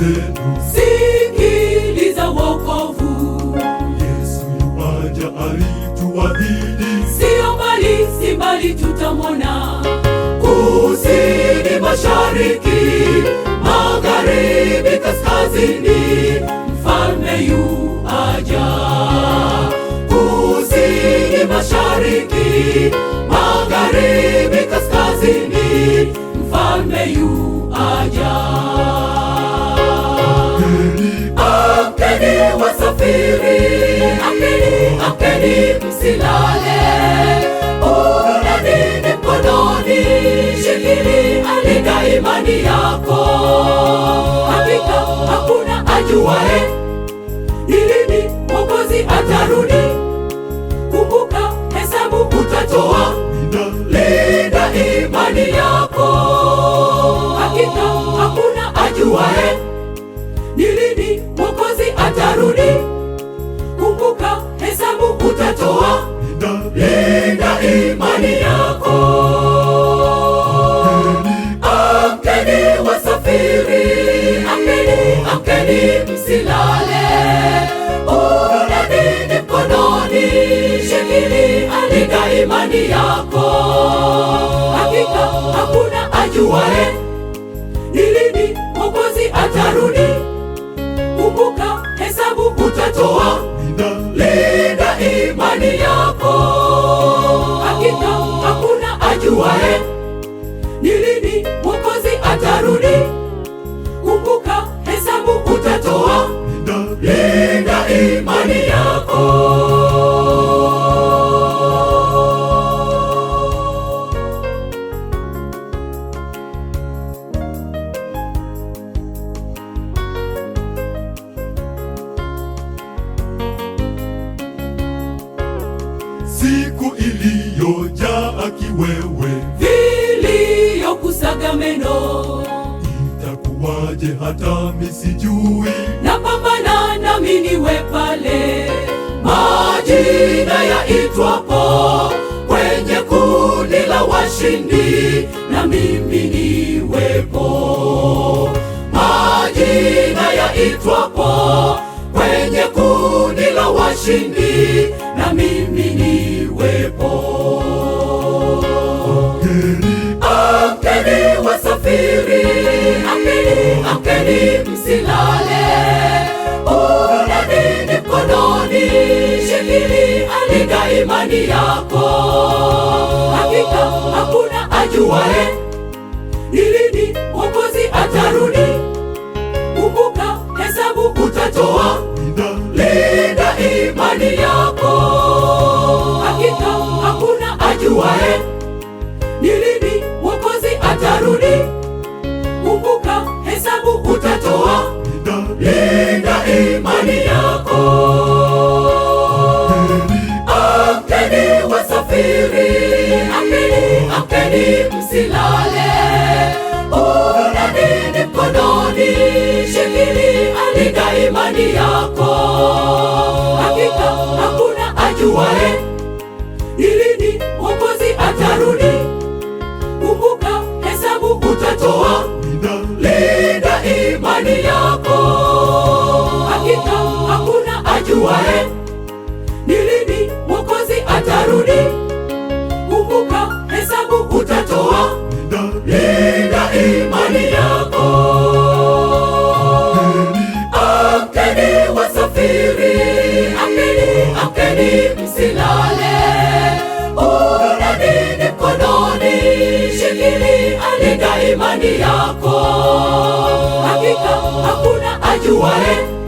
zetu. Sikiliza wokovu, Yesu yuwaja, alituahidi, sio mbali, si mbali tutamwona, kusini, mashariki, magharibi, kaskazini, mfalme yu aja, kusini, mashariki mnahubiri, amkeni, amkeni, msilale. Una nini mkononi? Shikili alika imani yako. Hakika hakuna ajuae ni lini Mwokozi atarudi. linda imani yako. Amkeni wasafiri, amkeni, amkeni msilale, una dini mkononi, shikilia linda imani yako. Hakika hakuna ajuae ni lini Mwokozi atarudi. Kumbuka hesabu utatoa waje hata misijui, napambana nami niwe pale majina yaitwapo kwenye kundi la washindi, na mimi niwepo majina yaitwapo kwenye kundi la washindi, na mimi usilale, una dini mkononi, shikili alika imani yako. Hakika hakuna ajuae ilini Mwokozi atarudi. Kumbuka hesabu utatoa, linda imani yako. Hakika hakuna ajuae usilale, una dini mkononi, shikilia imani yako. Hakika hakuna ajuae ilini Mwokozi atarudi. Kumbuka hesabu utatoa, linda imani yako. Hakika hakuna ajuae Ondoa na linda imani yako, amkeni wasafiri, amkeni, amkeni msilale, una dini mkononi, shikilia imani yako, hakika hakuna ajuae